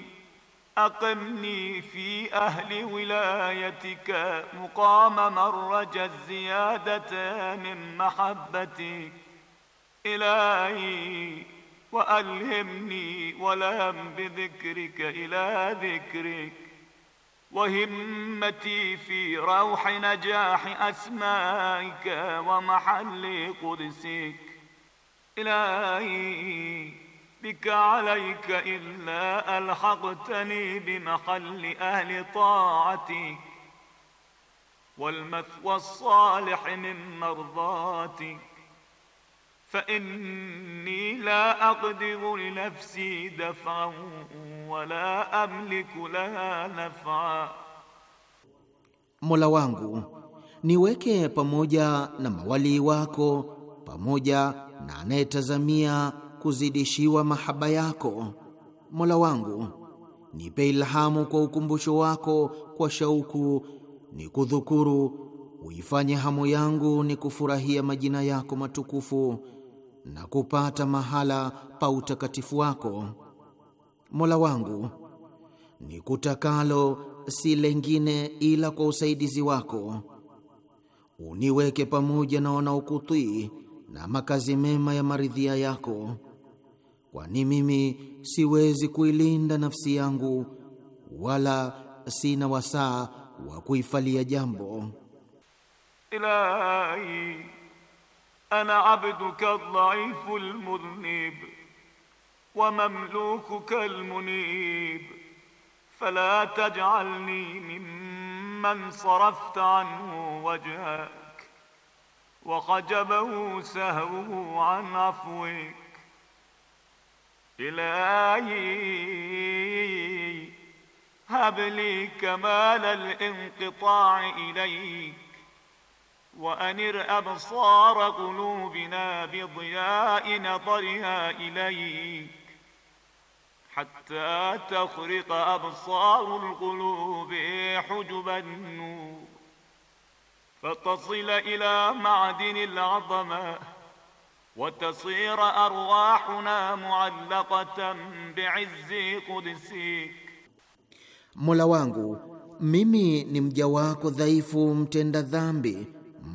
أقمني في أهل ولايتك مقام مرج الزيادة من محبتك إلهي وألهمني ولهم بذكرك إلى ذكرك وهمتي في روح نجاح أسمائك ومحل قدسك إلهي bika alayka illa alhaqtani bimahalli ahli taati walmathwa salih min mardhati fainni la aqdiru linafsi dafan wala amliku laha nafa, Mola wangu niweke pamoja na mawalii wako pamoja na anayetazamia kuzidishiwa mahaba yako. Mola wangu, nipe ilhamu kwa ukumbusho wako, kwa shauku ni kudhukuru, uifanye hamu yangu ni kufurahia majina yako matukufu na kupata mahala pa utakatifu wako. Mola wangu, ni kutakalo si lengine ila kwa usaidizi wako. Uniweke pamoja na wanaokutii na makazi mema ya maridhia yako kwani mimi siwezi kuilinda nafsi yangu wala sina wasaa wa kuifalia jambo. Ilahi ana abduka dhaifu almudhnib wa mamlukuka almunib fala taj'alni mimman sarafta anhu wajhak wa qajabahu sahwu an afwik إلهي هب لي كمال الانقطاع إليك وأنر أبصار قلوبنا بضياء نظرها إليك حتى تخرق أبصار القلوب حجب النور فتصل إلى معدن العظمه وتصير arwahuna muallaqatan بعز قدسك Mola wangu mimi ni mja wako dhaifu, mtenda dhambi,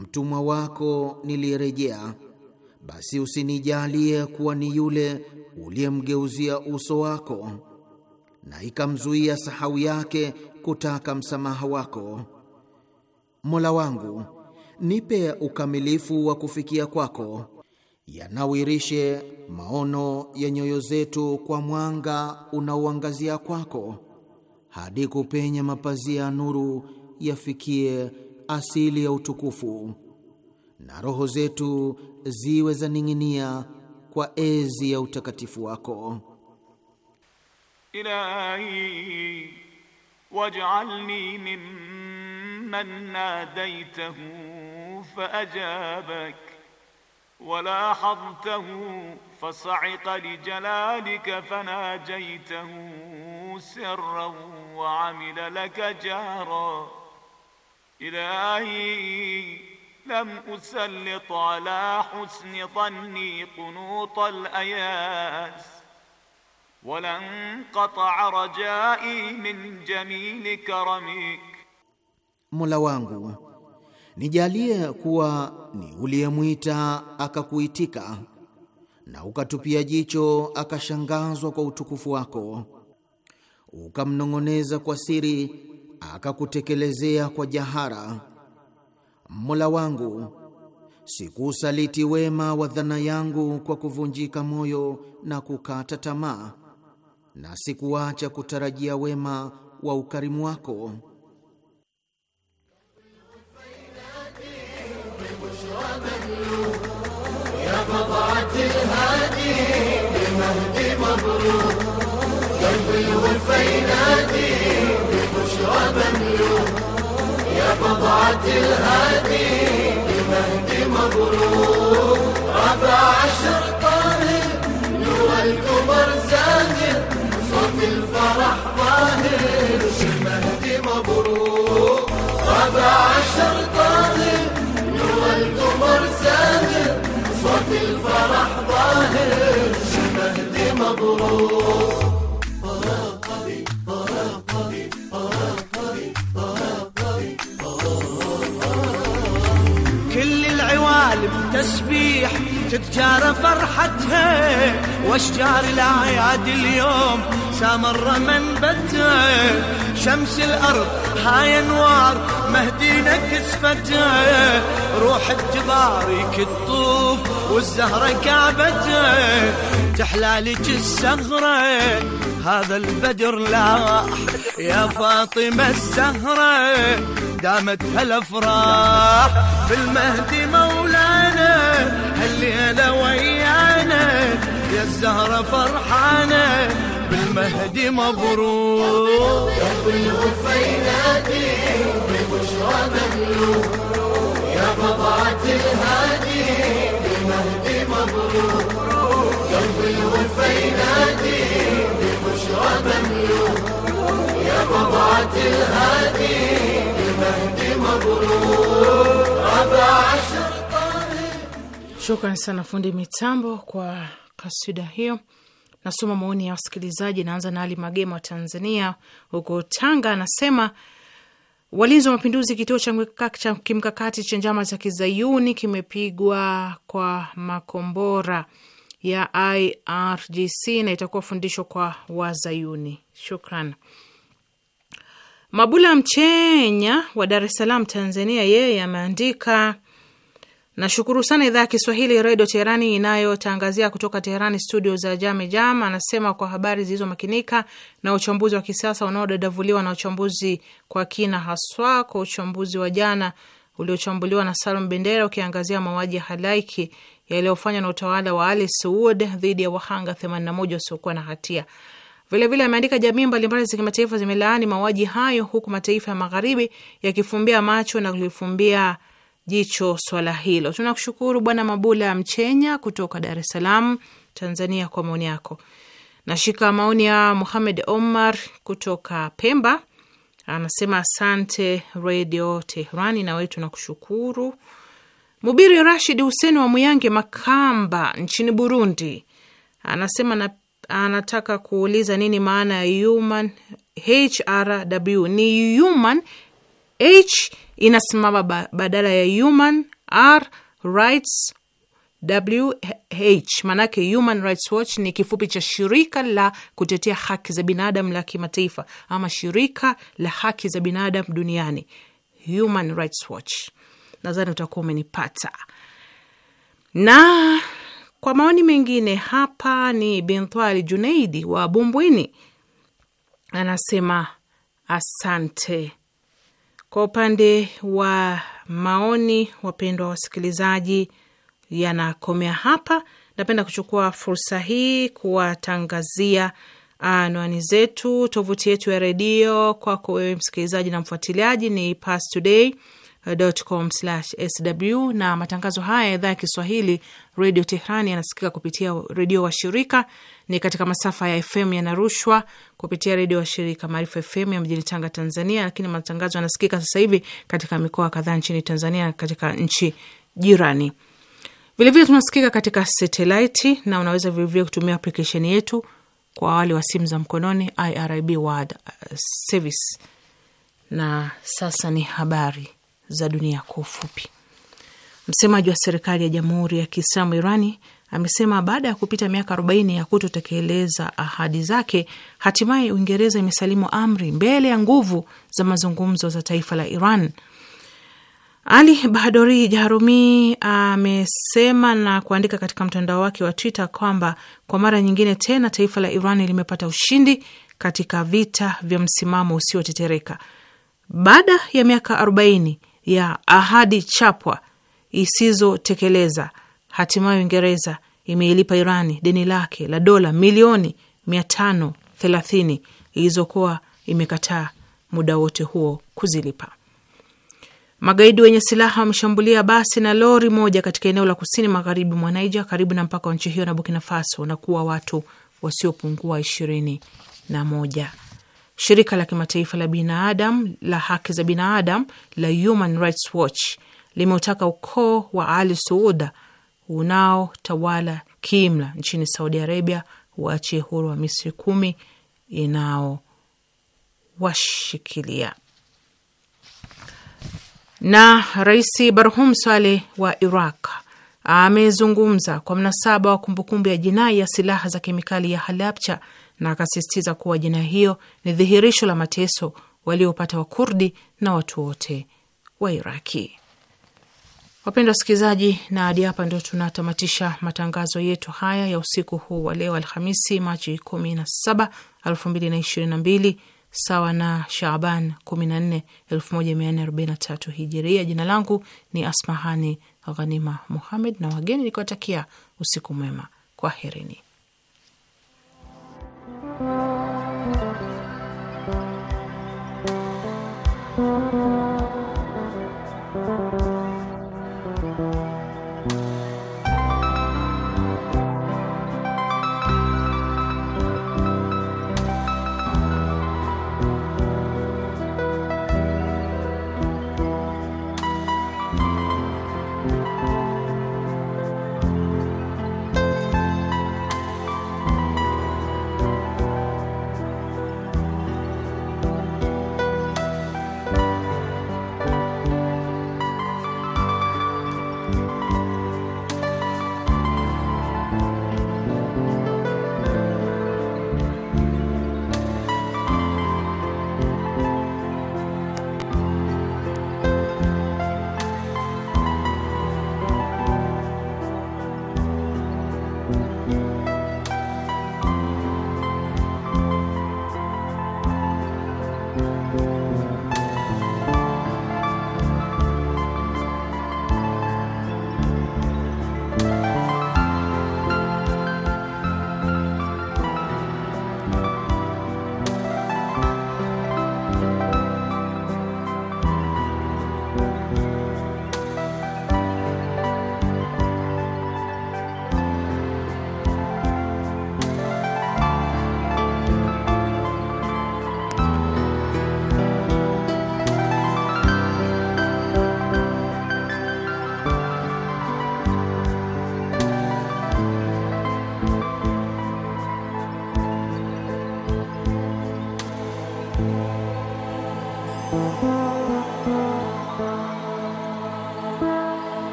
mtumwa wako nilirejea, basi usinijalie kuwa ni yule uliyemgeuzia uso wako na ikamzuia sahau yake kutaka msamaha wako. Mola wangu nipe ukamilifu wa kufikia kwako yanawirishe maono ya nyoyo zetu kwa mwanga unaoangazia kwako, hadi kupenya mapazia ya nuru yafikie asili ya utukufu, na roho zetu ziwe za ning'inia kwa ezi ya utakatifu wako. Ilahi waj'alni mimman nadaitahu faajabak ولاحظته فصعق لجلالك فناجيته سرا وعمل لك جهرا إلهي لم أسلط على حسن ظني قنوط الأياس ولن قطع رجائي من جميل كرمك ملا wangu Nijalie kuwa ni uliyemwita akakuitika, na ukatupia jicho akashangazwa kwa utukufu wako, ukamnong'oneza kwa siri akakutekelezea kwa jahara. Mola wangu, sikuusaliti wema wa dhana yangu kwa kuvunjika moyo na kukata tamaa, na sikuacha kutarajia wema wa ukarimu wako بالغرفة ينادي ببشرى مملوك يا بضعة الهادي المهدي مبروك ربع عشر طاهر نور الكبر زاهر صوت الفرح ظاهر المهدي مبروك ربع عشر طاهر نور الكبر زاهر صوت الفرح ظاهر المهدي مبروك تسبيح تتجارى فرحتها واشجار الاعياد اليوم سامر من بته شمس الارض هاي انوار مهدينا كسفتها روح تبارك الطوف والزهره كعبته تحلالك السهره هذا البدر لاح يا فاطمه الزهره دامت هالافراح بالمهدي مولانا هالليله ويانا يا الزهره فرحانه بالمهدي مبروك يا الوفا ينادي بالبشرى مملوك يا بضعة الهادي بالمهدي مبروك Yeah. مملوك يا الهادي Shukran sana fundi mitambo kwa kasida hiyo. Nasoma maoni ya wasikilizaji. Naanza na Ali Magema wa Tanzania huko Tanga, anasema walinzi wa mapinduzi, kituo cha kimkakati cha njama za kizayuni kimepigwa kwa makombora ya IRGC na itakuwa fundisho kwa wazayuni. Shukran. Mabula Mchenya wa Dar es Salaam, Tanzania, yeye ameandika Nashukuru sana idhaa ya Kiswahili redio Teherani inayotangazia kutoka Teherani studio za Jame Jam. Anasema kwa habari zilizomakinika na uchambuzi wa kisiasa unaodadavuliwa na uchambuzi kwa kina, haswa kwa uchambuzi wa jana uliochambuliwa na Salum Bendera ukiangazia mauaji ya halaiki yaliyofanywa na utawala wa Ali Saud dhidi ya wahanga 81 wasiokuwa na hatia. Vilevile ameandika jamii mbalimbali za kimataifa zimelaani mauaji hayo, huku mataifa ya magharibi yakifumbia macho na kulifumbia jicho swala hilo. Tunakushukuru Bwana Mabula Mchenya kutoka Dar es Salaam, Tanzania, kwa maoni yako. Nashika maoni ya Muhamed Omar kutoka Pemba, anasema asante Redio Teherani. Na wewe tunakushukuru. Mubiri Rashid Huseni wa Muyange, Makamba, nchini Burundi, anasema na, anataka kuuliza nini maana ya human HRW? Ni human h inasimama ba badala ya Human R Rights WH, maanake Human Rights Watch ni kifupi cha shirika la kutetea haki za binadamu la kimataifa ama shirika la haki za binadamu duniani, Human Rights Watch. Nadhani utakuwa umenipata. Na kwa maoni mengine hapa ni Bintwali Junaidi wa Bumbwini anasema asante kwa upande wa maoni, wapendwa wasikilizaji, yanakomea hapa. Napenda kuchukua fursa hii kuwatangazia ah, anwani zetu. Tovuti yetu ya redio kwako wewe msikilizaji na mfuatiliaji ni pastoday.com/sw, na matangazo haya ya idhaa ya Kiswahili redio Tehrani yanasikika kupitia redio washirika ni katika masafa ya FM yanarushwa kupitia redio wa shirika Maarifa FM ya mjini Tanga, Tanzania, lakini matangazo yanasikika sasa hivi katika mikoa kadhaa nchini Tanzania katika nchi jirani. Vilevile tunasikika katika satelaiti na unaweza vilevile kutumia aplikesheni yetu kwa awali wa simu za mkononi IRIB World Service. Na sasa ni habari za dunia kwa ufupi. Msemaji wa serikali ya Jamhuri ya Kiislamu Irani amesema baada ya kupita miaka 40 ya kutotekeleza ahadi zake, hatimaye Uingereza imesalimu amri mbele ya nguvu za mazungumzo za taifa la Iran. Ali Bahadori Jarumi amesema na kuandika katika mtandao wake wa Twitter kwamba kwa mara nyingine tena taifa la Iran limepata ushindi katika vita vya msimamo usiotetereka baada ya miaka 40 ya ahadi chapwa isizotekeleza Hatimaye Uingereza imeilipa Irani deni lake la dola milioni thelathini ilizokuwa imekataa muda wote huo kuzilipa. Magaidi wenye silaha wameshambulia basi na lori moja katika eneo la kusini magharibi mwa Naija, karibu na mpaka wa nchi hiyo na Burkina Faso, na kuwa watu wasiopungua ishirini na moja. Shirika la kimataifa la binadamu la haki za binadamu la Human Rights Watch limeutaka ukoo wa Ali Suuda unaotawala kiimla nchini Saudi Arabia waachie huru wa Misri kumi inaowashikilia. Na Rais Barhum Saleh wa Iraq amezungumza kwa mnasaba wa kumbukumbu ya jinai ya silaha za kemikali ya Halabcha na akasisitiza kuwa jinai hiyo ni dhihirisho la mateso waliopata Wakurdi na watu wote wa Iraki. Wapendwa wasikilizaji, na hadi hapa ndio tunatamatisha matangazo yetu haya ya usiku huu wa leo Alhamisi, Machi 17, 2022 sawa na Shaaban 14, 1443 Hijiria. Jina langu ni Asmahani Ghanima Muhamed na wageni nikiwatakia usiku mwema, kwaherini.